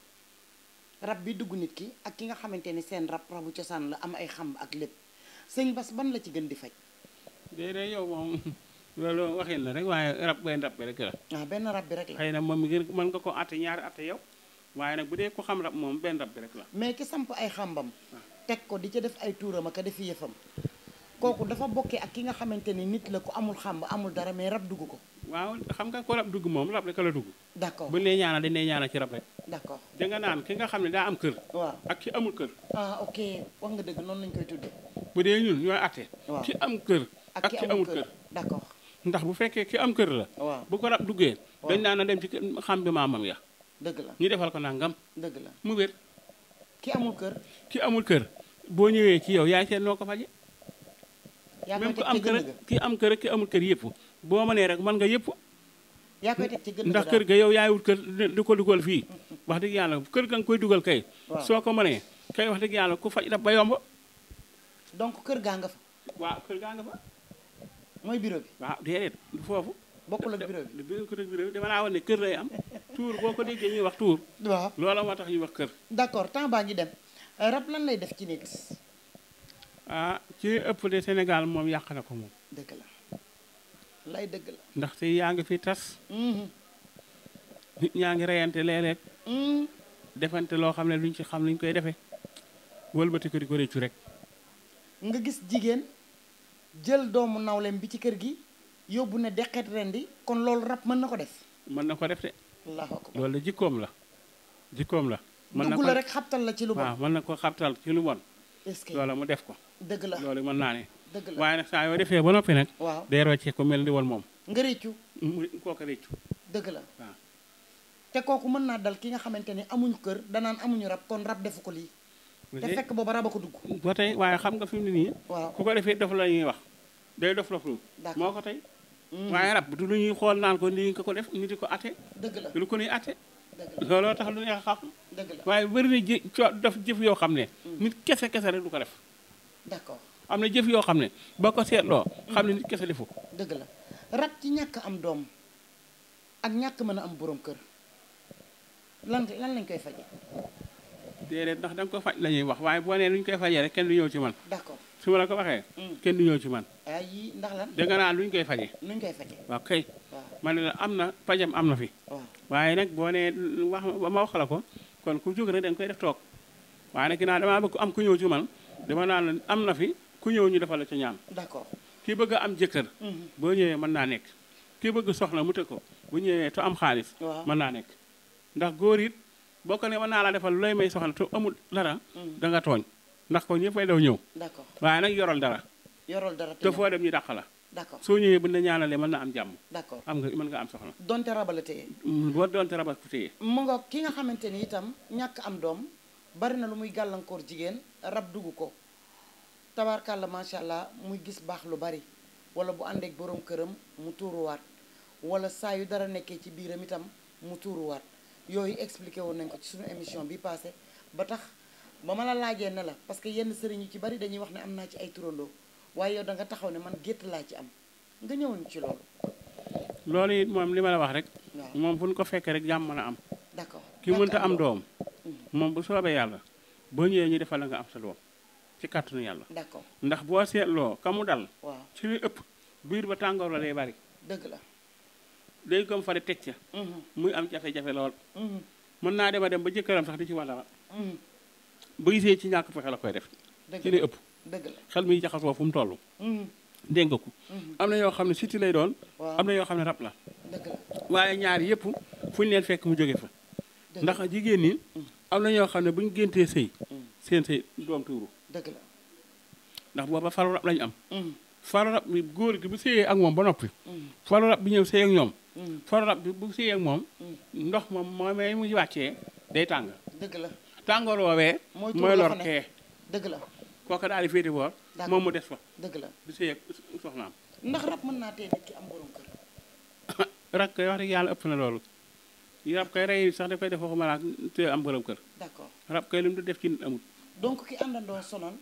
rab bi dugg nit ki ak ki nga xamante ni seen rab rabu cosaan la am ay xam ak lépp sëñ Bas ban la ci gën di faj. déedéet yow moom loolu waxin la rek waaye rab benn rab bi rek la. waaw ah, benn rab bi rek la. na moom ngeen mën nga ko àtte ñaari àtte yow waaye nag bu dee ko xam rab moom benn rab bi rek la. mais ki samp ay xambam. Ah. teg ko di ca def ay tuuram ak a def yëfam kooku dafa bokkee ak ki nga xamante ni nit la ku amul xàmb amul dara mais rab dugg ko waaw xam nga ko rab dugg moom rab rek la dugg d'accord buñu lay ñaanal dañ lay ñaanal ci rab rek d'accord da nga naan ki nga xam ne daa am kër waaw ak ki amul kër ah, ok wax nga dëgg noonu lañ koy tuddee bu dee ñun ñooy atte ki am kër ak ki amul kër d'accord ndax bu fekkee ki am kër la waaw bu ko rab duggee dañ naan na dem ci xam bi maamam ya dëgg ñu defal ko nangam dëgg la mu wér ki amul kër ki amul kër boo ñëwee ci yow yaay seet noo ko faje yaa ku am kër ki am kër ki amul kër yëpp boo mënee rek mën nga yëpp. yaa koy teg ci gën ndax kër ga yow yaay wut kër di ko dugal fii. wax dëgg yàlla kër ga nga koy dugal kay. soo ko mënee kay wax yàlla ku faj daf ba donc kër gaa nga fa. waaw kër gaa nga fa. mooy bureau bi. waaw déedéet foofu. bokkul ak bureau bi bokkul ak bi dama laa wax ne kër lay am. tuur boo ko déggee ñuy wax tuur. waaw loola moo tax ñuy wax kër. d'accord temps baa ngi dem euh, rab lan lay def ci nit ah ci ëpp de Sénégal moom yàq na ko moom. dëgg la lay dëgg yaa ngi fi tas. Mm-hmm. nit ñaa ngi reyante léeg-léeg. Mm-hmm. defante loo xam ne luñ ci xam luñ koy defee. wëlbati ko di ko réccu rek. nga gis jigéen jël doomu nawleem bi ci kër gi yóbbu ne deqeet ren di kon loolu rab mën na ko def. mën na ko def de. allahu akbar jikkoom la jikkoom la. mën na ko dugg la la ci lu bon mën na ko xabtal ci lu bon. loola mu def ko dëgg la loolu mën naa ne dëgg la waaye saa yoo defee ba noppi nag waaw day rocce ko mel ni woon moom nga réccu kooka réccu dëgg la waaw te kooku mën naa dal ki nga xamante ni amuñu kër danaan amuñu rab kon rab ko lii te fekk booba rab a ko dugg ba waaye xam nga fi mu ne nii waaw ku ko defee dof la ñuy wax day dof dof lu moo ko tey mm. waaye rab du lu ñuy xool naan ko ni nga ko def ni di ko ate dëgg la lu ko nuy ate looloo tax lu neex a xam waaye bëri na jë daf jëf yoo xam ne mm. nit kese kese rek du ko def d'accord am na jëf yoo xam ne boo ko seetloo xam ne nit kese defu dëgg la rab ci ñàkk am doom ak ñàkk mën a am borom kër lan lan lañ koy faje déedéet ndax da ko faj la ñuy wax waaye boo nee lu ñu koy fajee rek kenn du ñëw ci man su ma la ko waxee. Mm. kenn du ñëw ci man. ay ah, ndax lan. da nga naan luñ koy faje luñ koy faje waaw kay. ma ne la am na pajam am na fi. waaye nag boo nee wax ma wax ko kon ku jóg rek da koy def toog waaye nag ginnaaw damaa bëgg am ku ñëw ci man dama naan la am na fi ku ñëw ñu defal la ca ñaan. d'accord kii bëgg am jëkkër. Mm-hmm. boo ñëwee mën naa nekk. kii bëgg soxna mu te ko bu ñëwee te am xaalis. mën naa nekk ndax góor it boo ko ne mën naa la defal lu may soxna te amul dara mm-hmm. da nga tooñ. ndax ko ñëpp fay daw ñëw. d'accord waaye nag yoral dara. yoral dara te foo dem ñu dàq la. d'accord soo ñëwee bu ñu ñaanalee mën na am jàmm. d'accord am nga mën nga am soxna. donte raba a téye. Mm, boo donte raba ku téye. mu nga ki nga xamante ni itam ñàkk am doom bari na lu muy gàllankoor jigéen rab dugg ko tabaarkàlla macha allah muy gis baax lu bari wala bu àndeek borom këram mu tuuruwaat wala saa yu dara nekkee ci biiram itam mu tuuruwaat yooyu expliqué woon nañ ko ci suñu émission bi passé ba tax. ba man a laajee ne la parce que yenn sëriñ yu ci bari dañuy wax ne am naa ci ay turandoo waaye yow da nga taxaw ne man gétt laa ci am nga ñëwoon ci loolu. loolu it moom li ma la wax rek. moom fu ñu ko fekkee rek jàmm la am. d'accord ki mënta am doom. Mm-hmm. moom bu soobee yàlla boo ñëwee ñu defal la nga am sa doom ci kàttanu yàlla. d'accord ndax boo seetloo ka mu dal. waaw ci li ëpp biir ba tàngoor la lay bari. dëgg la. day gëm fari teg ca. Mm-hmm. muy am jafe-jafe lool. Mm-hmm. mën naa dem dem ba jëkkëram sax di ci ba gisee ci ñàkk fexe la koy def ci lay ëpp xel mi jaxasoo fu mu toll mm-hmm. dégg nga ko mm-hmm. am na yoo xam ne siti lay doon am na yoo xam ne rab la waaye ñaar yëpp fu ñu leen fekk mu jóge fa ndax jigéen ñi mm-hmm. am na ñoo xam ne bu ñu géntee sëy seen sëy doom tuuru ndax booba faru rab lañu am faru rab bi góor gi bu sëyee ak moom ba noppi faru rab bi ñëw sëy ñoom faru rab bi bu sëyee moom ndox moom moo may mu wàccee day tàng dëgg la tàngoor woowee. mooy lor kee dëgg la. kooka daal di féete boor. moom mu des fa. dëgg la di sëy ak soxnaam. ndax rab mën naa tee nit ki am borom kër. rab yàlla ëpp na loolu. rab kay sax daf koy def waxuma laa am borom kër. d'accord rab kay li mu def ci nit amul. donc ki àndandoo sonal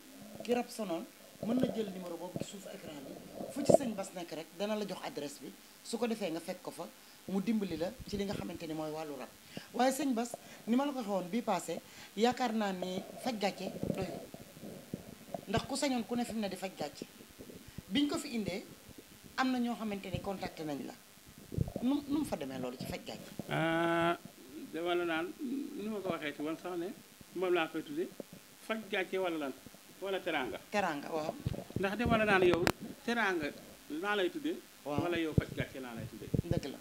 ki rab sonal mën na jël numéro boobu ci suuf écran bi fu ci sëñ Bass nekk rek dana la jox adresse bi su ko defee nga fekk ko fa. mu dimbali la ci li nga xamante ni mooy wàllu rab waaye sëñ Bas ni ma la ko xewoon bii passé yaakaar naa ni faj gàcce doy ndax ku sañoon ku ne fi mu ne di faj gàcce biñ ko fi indee am na ñoo xamante ni contacté nañ la nu nu mu fa demee loolu ci faj gàcce. Ah, dama la naan nu ma ko waxee ci woon sax ne moom laa koy tuddee faj gàcce wala lan wala teraanga. teraanga waaw. ndax dama la naan yow teraanga laa lay tuddee. waaw wala yow faj gàcce laa lay tuddee. dëgg la.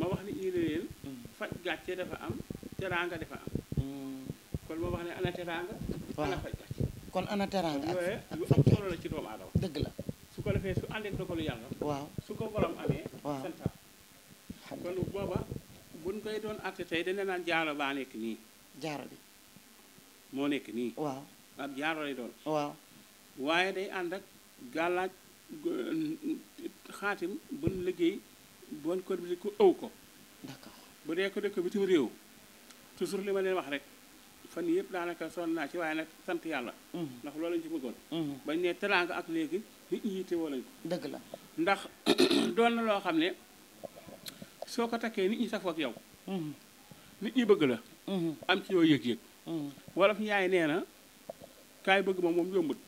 ma wax ni ñu ne leen mm. faj gàcce dafa am teraanga dafa am mm. kon ma wax ne ana teraanga ana faj gàcce kon ana teraanga yooyu lu am dëgg la su ko defee su àndeek dogalu yàlla waaw su ko borom amee santaat kon booba buñ koy doon àtte tey dana naan jaaro baa nekk nii jaaro bi moo nekk nii waaw ab jaaro lay doon waaw waaye day ànd ak gàllaaj xaatim buñ liggéey bon ko di ko ëw ko. d'accord bu dee ko dëkk bitim réew toujours li ma leen wax rek fan yii yëpp daanaka sonn naa ci waaye nag sant yàlla. Mhm. ndax loolu lañ ci bëggoon. Mhm. bañ ne teraanga ak léegi nit ñi yittewoo lañ ko. dëgg la ndax doon na loo xam ne soo ko takkee nit ñi safoo ak yow. Mhm. nit ñi bëgg la. am ci yow yëg-yëg. wolof yaay nee na kaay bëgg ma moom yombut.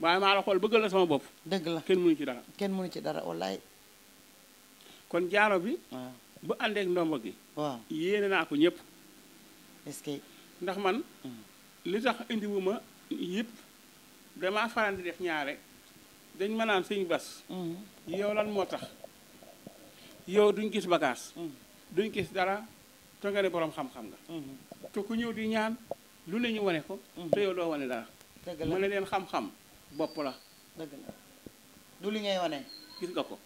waaye maa la xool bëgg la sama bopp. dëgg la kenn mënu ci dara. kenn mënu ci dara wallaay. kon jaaro bi. bu àndeek ndomba gi. waaw yéene naa ko ñëpp. ndax man hmm. li tax indiwuma yëpp damaa faral di def ñaare dañ ma naan sëñ bas. Hmm. yow lan moo tax yow duñ gis bagaas hmm. duñ gis dara te nga ne borom xam-xam nga. te ku ñëw di ñaan lu ne ñu wane ko. te yow doo wane dara. mu ne leen xam-xam bopp la. la du li ngay wane. gis nga ko.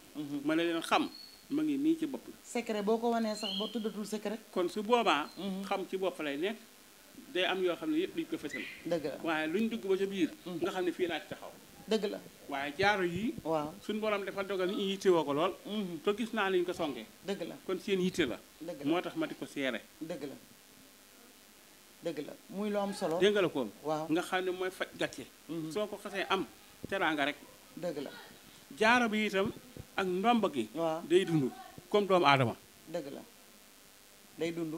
ma ne leen xam. ma ngi nii ci bopp la. secret boo ko wanee sax boo tuddatul secret. kon su boobaa. Mhm. xam ci bopp lay nekk day am yoo xam ne yëpp duñ ko fësal. dëgg la waaye dugg ba ca biir. Mhm. nga xam ne fii laa ci taxaw. la waaye jaaro yi. waaw suñu borom dafa dogal ni yitte woo ko lool. Mhm. te gis naa liñ ko songee. dëgg la kon seen yitte la. dëgg moo tax ma di ko seere. dëgg la dëgg la muy lu am solo. dégg la waaw nga xam ne mooy faj gàcce. soo ko xasee am teraanga rek. dëgg la jaaro bi itam. ak ndomba gi. waaw day dund comme doomu aadama. dëgg la day dund.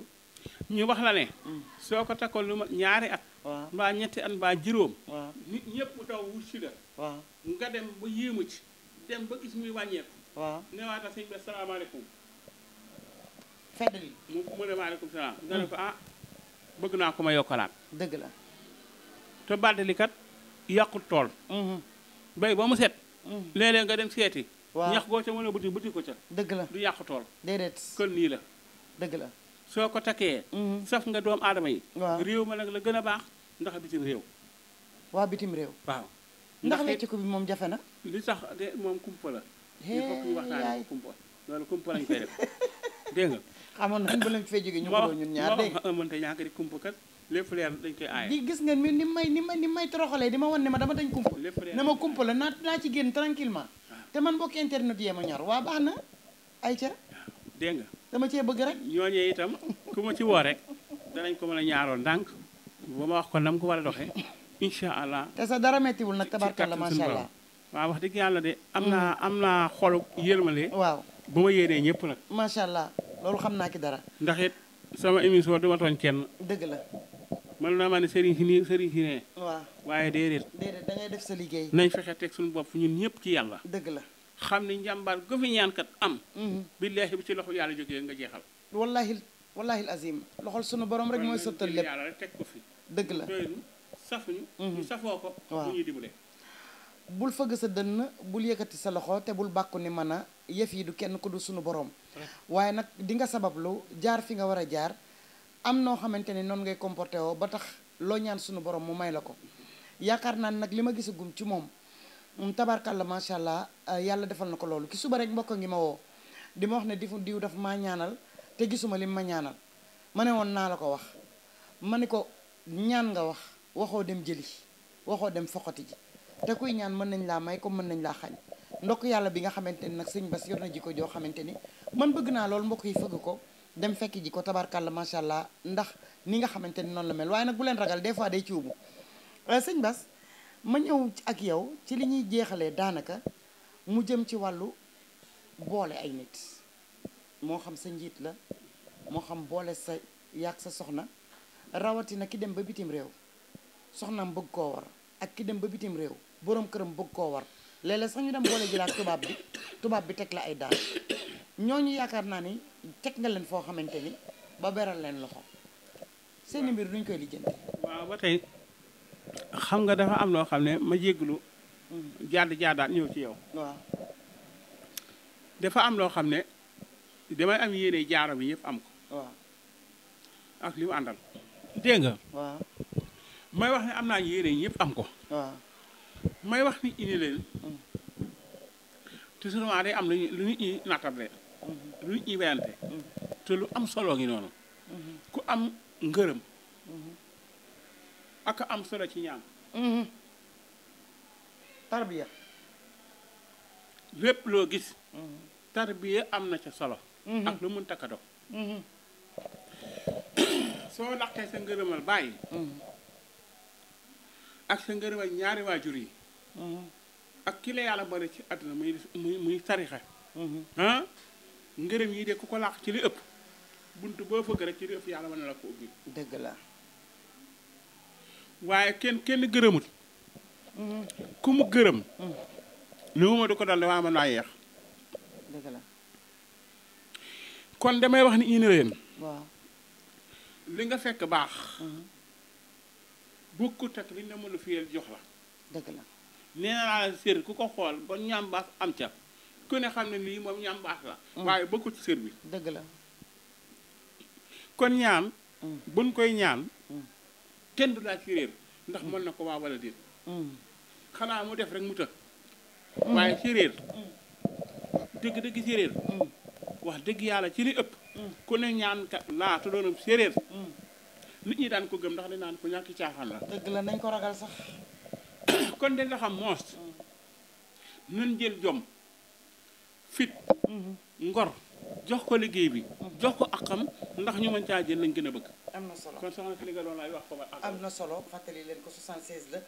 ñu wax la ne. Mm. soo ko takkoon lu ma ñaari at. waaw mbaa ñetti at mbaa juróom. nit ñëpp daw wut la. nga dem ba yéemu gis muy wàññeeku. waaw newaata mu mu mm. ah bëgg naa ko ma yokkalaat. dëgg la. te bàddali kat yàqut tool. Mm-hmm. bay ba mu set. Mm-hmm. léeg nga dem seeti. waaw ñax goo ca mën a buti buti ko ca dëgg la du yàqu tool déedéet kon nii la dëgg la soo ko takkee mhm. saf nga doom aadama yi waaw réew ma nag la gën a baax ndax bitim réew waa bitim réew waaw ndax wecc ci bi moom jafe li tax de moom la il faut que ñu waxtaanee kumpa loolu lañ koy def dégg nga ñaar dégg nga mënta mi ni may ni may ni may ma wan ne ma dama dañ kumpa na ma kumpa la naa naa ci génn tranquillement te man bokk internet yee ma ñor waa baax na ay ca dégg nga dama cee bëgg rek ñooñee itam ku ma ci woo rek danañ ko mën a ñaaroo ndànk ba ma wax ko nam ko war a doxee incha allah te sa dara mettiwul nag tabarkalla macha allah waaw wax dëgg yàlla de am mm. naa am naa xolu yërmale waaw bu ma yéenee ñëpp nag macha allah loolu xam naa ki dara ndax it sama émission du ma tooñ kenn dëgg la man naa maa ne sëriñ si nii sëriñ si nee. waaw waaye déedéet. déedéet da def sa liggéey. nañ fexe teg suñu bopp ñun ñëpp ci yàlla. dëgg la xam ne njàmbaar gu am. Mhm. billaahi bi ci loxo yàlla jógee nga jeexal. wallaahi wallaahi azim. sunu borom rek mooy sottal lépp teg ko fi. dëgg la doylu safuñu. Mhm. ñu safoo ko. bul fëgg sa dënn bul yëkkati sa loxo te bul bàkku ni mën a yëf yi du kenn ku du sunu borom. waaye nag di nga sabablu jaar fi nga war a jaar am noo xamante ne noonu ngay comporté woo ba tax loo ñaan suñu borom mu may la ko yaakaar naa nag li ma gisagum ci moom tabarkalla macha allah euh, yàlla defal na ko loolu ki suba rek mbokk ngi ma woo li ma wax ne difu diw daf maa ñaanal te gisuma li ma ñaanal ma ne woon naa la ko wax ma ne ko ñaan nga wax waxoo dem jëli waxoo dem foqati ji te kuy ñaan mën nañ laa may comme mën nañ laa xañ ndokk yàlla bi nga xamante ni nag sëñ bas yor na jikko joo xamante ni man bëgg naa loolu mbokk yi fëgg ko dem fekk ji ko tabarkàlla macha allah ndax ni nga xamante ni noonu la mel waaye nag bu leen ragal des fois day ciubu euh, sëñ Bas ma ñëw ak yow ci li ñuy jeexalee daanaka mu jëm ci wàllu boole ay nit moo xam sa njiit la moo xam boole sa yàgg sa soxna rawatina ki dem ba bitim réew soxnaam bëgg koo war ak ki dem ba bitim réew boroom këram bëgg koo war léeg sax ñu dem boole ji la tubaab bi tubaab bi teg la ay daan ñooñu yaakaar naa ni teg nga leen foo xamante ni ba beral leen loxo seeni mbir duñ koy lijjanti. waaw ba tey xam nga dafa am loo xam ne ma jégglu jaad jaadaat ñëw ci yow. waaw dafa am loo xam ne damay am yéene jaaro bi yëpp am ko. waaw ak li àndal. dégg may wax ne am naa yéene ñëpp am ko. may wax ni indi leen. Mm. te souvent am lu ñuy lu ñuy nattable. lu ñuy te lu am solo ngi noonu ku am ngërëm ak am solo ci ñaan tarbiya lépp loo gis tarbiya am na ca solo ak lu mën takka dog soo laqee sa ngërëmal bàyyi ak sa ngërëmal ñaari waajur yi ak ki yàlla boole ci àdduna muy muy muy tarixa mm-hmm. ngërëm yii de ku ko làq ci li ëpp bunt boo fëgg rek ci li ëpp yàlla mën na la ko ubbi. dëgg la. waaye kenn kenn gërëmut. ku mu gërëm. li mu ma du ko dal waa mën naa yeex. dëgg la. kon damay wax ni ñu leen. li nga fekk baax. Mm-hmm. bokkut ak li ñu la mën a fiyal jox la. dëgg la nee naa sér ku ko xool ba ñaam baax am ca. ku ne xam ne lii moom ñaam baax la mm. waaye bokkul ci service dëgg la kon ñaan mm. buñ koy ñaan mm. kenn du laaj ci ndax mën na ko waa wala déet xanaa mu def rek mu të waaye ci dëgg dëgg ci wax dëgg yàlla ci li ëpp ku ne ñaan kat laa te doonam séeréer nit ñi daan ko gëm ndax dañ naan ko ñàkki caaxaan la dëgg la nañ ko ragal sax kon dañ la xam moos nañ jël jom fit ngor jox ko liggéey bi jox ko akam ndax ñu mën caa jël lañ gën a bëgg am na solo kon soxna si li nga wax ko am na solo fàttali leen ko 76 la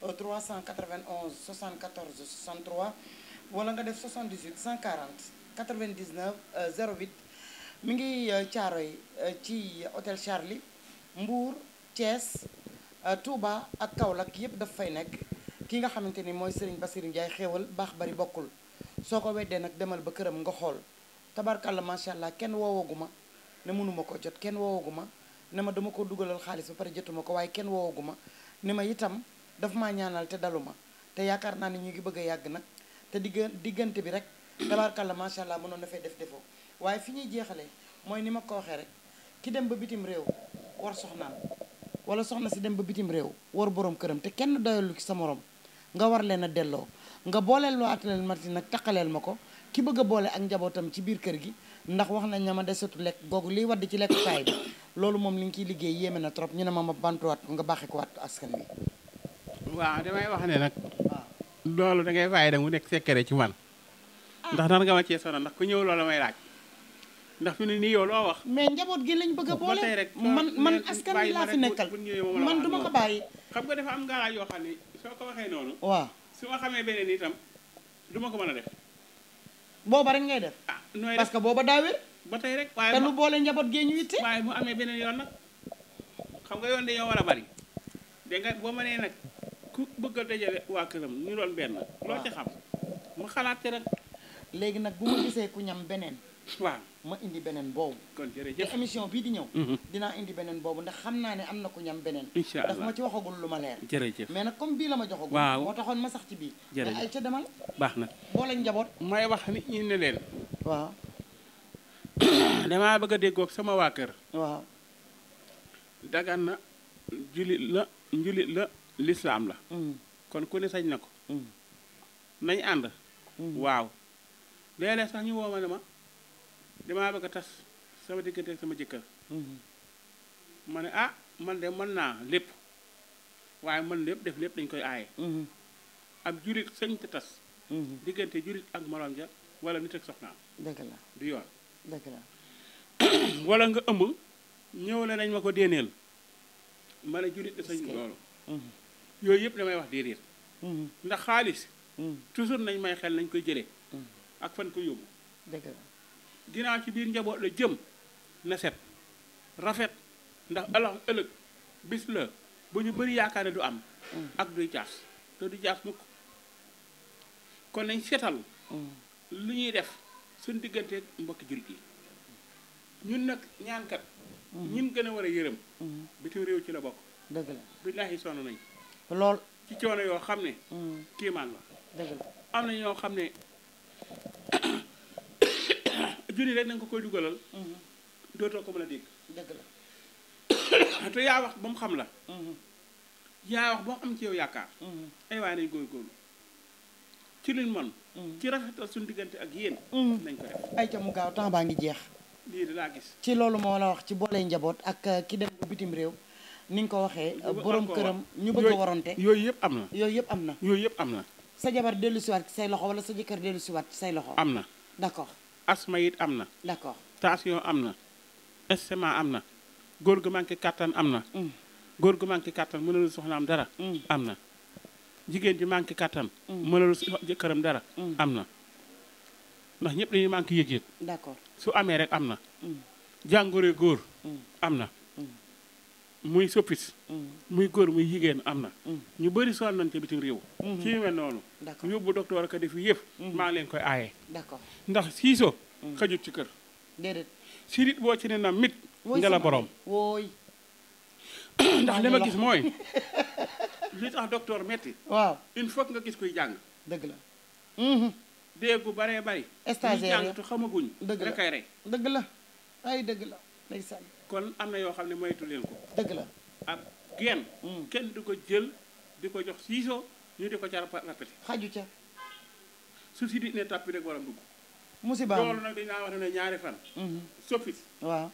391 74 63 wala nga def 78 140 99 08 mi ngi euh, yi euh, ci hôtel Charlie mbuur Thiès euh, Touba ak Kaolack yépp daf fay nekk ki nga xamante ni mooy Serigne Bassirou Ndiaye xéewal baax bari bokkul soo ko weddee nag demal ba këram nga xool tabarkàlla macha allah kenn woowagu ma ne mënuma ko jot kenn woowagu ma ne ma dama ko dugalal xaalis ba pare jotuma ko waaye kenn woowagu ma ne ma itam daf maa ñaanal te dalu ma te yaakaar naa ne ñu ngi bëgg a yàgg nag te digga diggante bi rek tabarkàlla macha allah mënoon na fee def defoo waaye fi ñuy jeexalee mooy ni ma ko waxee rek ki dem ba bitim réew war soxnaam wala soxna si dem ba bitim réew war borom këram te kenn doyalu ci sa morom nga war leen a delloo nga booleel looateleel Martine nag taqaleel ma ko ki bëgg a boole ak njabootam ci biir kër gi ndax wax nañ ne ma desatu lekk googu liy wadd ci lekkukaay bi loolu moom li nga ciy liggéey yéeme na trop ñu ne ma ma bantuwaat nga baaxee ko waat askan bi waaw damay wax ne nag ah. loolu da ngay bàyyi mu nekk secret ci man ah. ndax nar nga ma cee sonal ndax ku ñëw loolu may laaj ndax fi ne nii yow loo wax. mais njaboot gi lañ a boole man man askan bi laa fi nekkal man duma ko bàyyi. xam nga dafa am galaaj yoo xam ne soo waxee noonu. waaw su ma xamee beneen itam duma ko mën a def. booba rek ngay def. ah nooy def que booba daa wér. ba tey rek waaye te lu boole njaboot gee ñu itte. waaye mu amee beneen yoon nag xam nga yoon dañoo war a bari dégg nga boo mënee nag ku bëgg a dajale waa këram ñu doon benn. loo ci xam mu xalaat rek. léegi nag bu ma gisee ku ñam beneen. waaw. ma indi beneen boobu. kon jërëjëf te émission bii di ñëw. Mhm. dinaa indi beneen boobu ndax xam naa ne am na ku ñam beneen. incha allah daf ma ci waxagul lu ma leer. jërëjëf mais nag comme bii la ma joxagul. waaw moo taxoon ma sax ci bii. jërëjëf mais ay ca baax na boo njaboot. may wax nit ñi ne leen. waaw. damaa bëgg a déggoog sama waa kër. waaw. dagan na julit la njulit la lislaam la. Mm. kon ku ne sañ na ko. Mm. nañ ànd. Mm. waaw léeg sax ñu woo ne ma. damaa bëgg a tas sama diggante ak sama jëkkër mhm. ma ne ah man de man naa lépp waaye man lépp def lépp dañ koy aaye mhm. ab julit sañ te tas mhm. diggante julit ak morom ja wala nit ak soxnaam dëgg la du yoon dëgg wala nga ëmb ñëw ne nañ ma ko déeneel ma ne julit da sañ loolu yooyu yëpp damay wax déedéet ndax xaalis toujours nañ may xel nañ koy jëlee ak fan ko yóbbu ginaaw ci biir njaboot la jëm naset rafet ndax alax ëllëg bis la ba ñu bëri yaakaar ne du am mm. ak duy jaas te du jaas mukk kon nañ seetal mm. lu ñuy def suñ digganteeg mbokki jullit yi ñun nag ñaankat mm. ñin gën a war a yërëm bitim réew ci la bokk dëgg la billaahi sonn nañ lool ci coono yoo xam ne kiimaan la la am na ñoo xam ne junni rek nañ ko koy dugalal. Mhm. dootoo ko mën a dégg. dëgg la te yaa wax ba mu xam la. Mhm. yaa wax boo am ci yow yaakaar. Mhm. ay waay nañ góorgóorlu ci ci suñu diggante ak yéen. nañ ko def baa ngi jeex. lii de ci loolu moo la wax ci boole njaboot ak uh, ki dem bitim réew. ni nga ko waxee borom këram ñu bëgg a warante yooyu yëpp am na yooyu yëpp am na yooyu yëpp am na sa jabar dellu siwaat ci say loxo wala sa jëkkër dellu siwaat ci say loxo am na d'accord asma am na. d'accord tension am na. estomac am na. góor gu manqué kàttan am na. Mm. góor gu manqué kattan mënalul soxnaam dara. Mm. am na jigéen ji manqué kattan. Mm. mënalul jëkkëram dara. am na ndax ñëpp dañuy manqué yëg-yëg. d'accord su amee rek am na. jàngoro góor. am na. muy soppis mm. muy góor muy jigéen am na mm. ñu bëri soxal nañ ca bitim réew mm-hmm. ci yu mel noonu yóbbu docteur ak def yëpp mm-hmm. maa leen koy aaye d'accord ndax siiso mm. xajut ci kër déedéet sirit boo ci ne na mit nga la borom wooy ndax li ma gis mooy li tax docteur metti waaw il faut nga gis kuy jàng dëgg la mm-hmm. déegu baree bari stagiaire jàng tu xamaguñ dëgg la kay rey dëgg la ay dëgg la ndeysaan kon am na yoo xam ne moytu leen ko. dëgg la ak genn. Mm. kenn du ko jël di ko jox siiso ñu di ko jar rappati xaju ca. su si di ne tàppi rek war a dugg. musiba loolu nag dañu wax ne ñaari fan. Mm-hmm. soppit waaw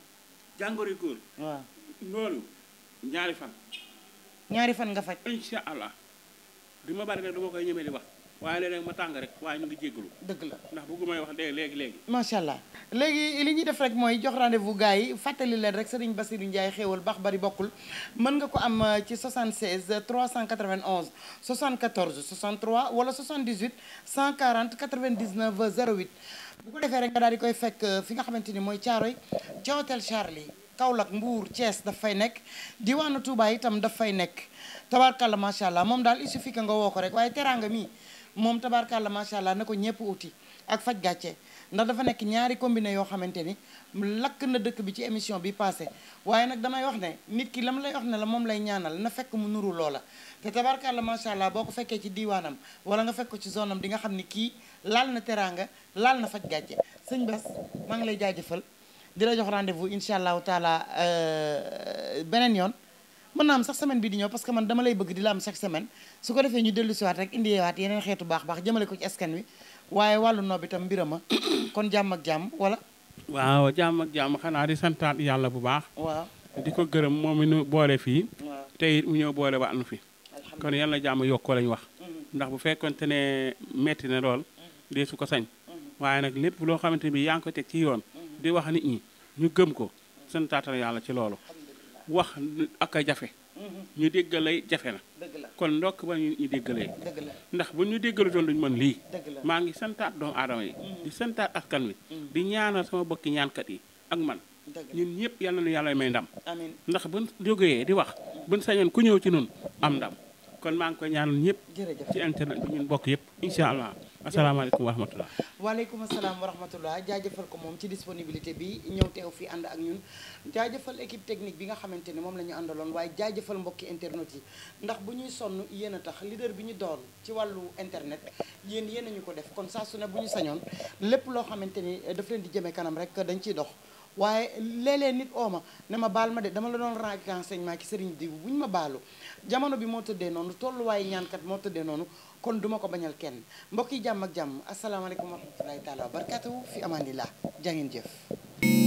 jàngoro góor. waaw loolu ñaari fan. ñaari fan nga faj. incha allah du ma bari nag du ma koy ñemee di wax. waaye léeg-léeg ma tàng rek waaye ñu ngi jéggalu dëgg la ndax bëggu may wax léegi léegi macha allah léegi li ñuy def rek mooy jox rendez-vous gars yi fàttali leen rek Serigne ñu Ndiaye xéewal baax bari bokkul mën nga ko am euh, ci 76 391 74 63 wala 78 140 99 08 bu ko defee rek nga daal di koy fekk euh, fi nga xamante ni mooy Caaroy ci hôtel Charlie Kaolack Mbour Thiès daf fay nekk diwaanu Touba itam daf fay nekk tabarkalla macha allah moom daal il nga woo ko rek waaye teraanga mi moom tabaarkàlla macha allah ne ko ñëpp uti ak faj gàcce ndax dafa nekk ñaari combiné yoo xamante ni lakk na dëkk bi ci émission bi passé waaye nag damay wax ne nit ki lam lay wax ne la moom lay ñaanal na fekk mu nuru loola te tabaarkàlla macha allah boo ko fekkee ci diiwaanam wala nga fekk ko ci zone am di nga xam ni kii laal na teraanga laal na faj gàcce sëñ Bass maa ngi lay jaajëfal di la jox rendez-vous incha allahu taala euh, beneen yoon mën naa am sax bi di ñëw parce que man dama lay bëgg di la am semaine su ko defee ñu dellu siwaat rek indiwaat yeneen xeetu baax baax jëmale ko ci askan wi waaye wàllu noob itam mbirama kon jàmm ak jàmm wala waaw jàmm ak jàmm xanaa di santaat yàlla bu baax waaw di ko gërëm moom mi nu boole fii tey mu ñëw boole ba anu fi kon yàlla jàmm yokkoo lañ wax mm-hmm. ndax bu fekkonte ne metti na lool mm-hmm. dee su ko sañ mm-hmm. waaye nag lépp loo xamante bi yaa ngi ko te kii yoon di wax nit ñi ñu gëm ko santaat yàlla ci loolu wax ak a jafe ñu dégg na kon ndokk ba ñu déggalee ndax bu ñu déggalu doon ñu mën lii maa ngi santaat doomu aadama yi mm. di santaat askan wi mm. di ñaanal sama bokki ñaankat yi ak man ñun ñëpp yàlla nañu yàlla may ndam ndax buñ jógee di wax buñ sañoon ku ñëw ci noonu am ndam kon maa ngi koy ñaanal ñëpp ci internet bi ñun bokk yëpp incha allah asalaamaaleykum wa rahmatulah. waaleykum salaam wa rahmatulah jaajëfal ko moom ci disponibilité bi ñëw teew fii ànd ak ñun jaajëfal équipe technique bi nga xamante ne moom la ñu àndaloon waaye jaajëfal mbokki internet yi ndax bu ñuy sonn yéen a tax leader bi ñu doon ci wàllu internet yéen yéen a ñu ko def kon saa su ne bu ñu sañoon lépp loo xamante ni daf leen di jëmee kanam rek dañ ciy dox. waaye léeg-léeg nit ooma ne ma baal ma de dama la doon ràññee enseignement ki sëriñ diw bu ñu ma baalu jamono bi moo tëddee noonu tolluwaayu ñaankat moo tëddee kon duma ko bañal kenn mbokk yi jàmm ak jàmm asalaamaaleykum wa rahmatulahi taala wa barakaatu fi amandillah jaa ngeen jëf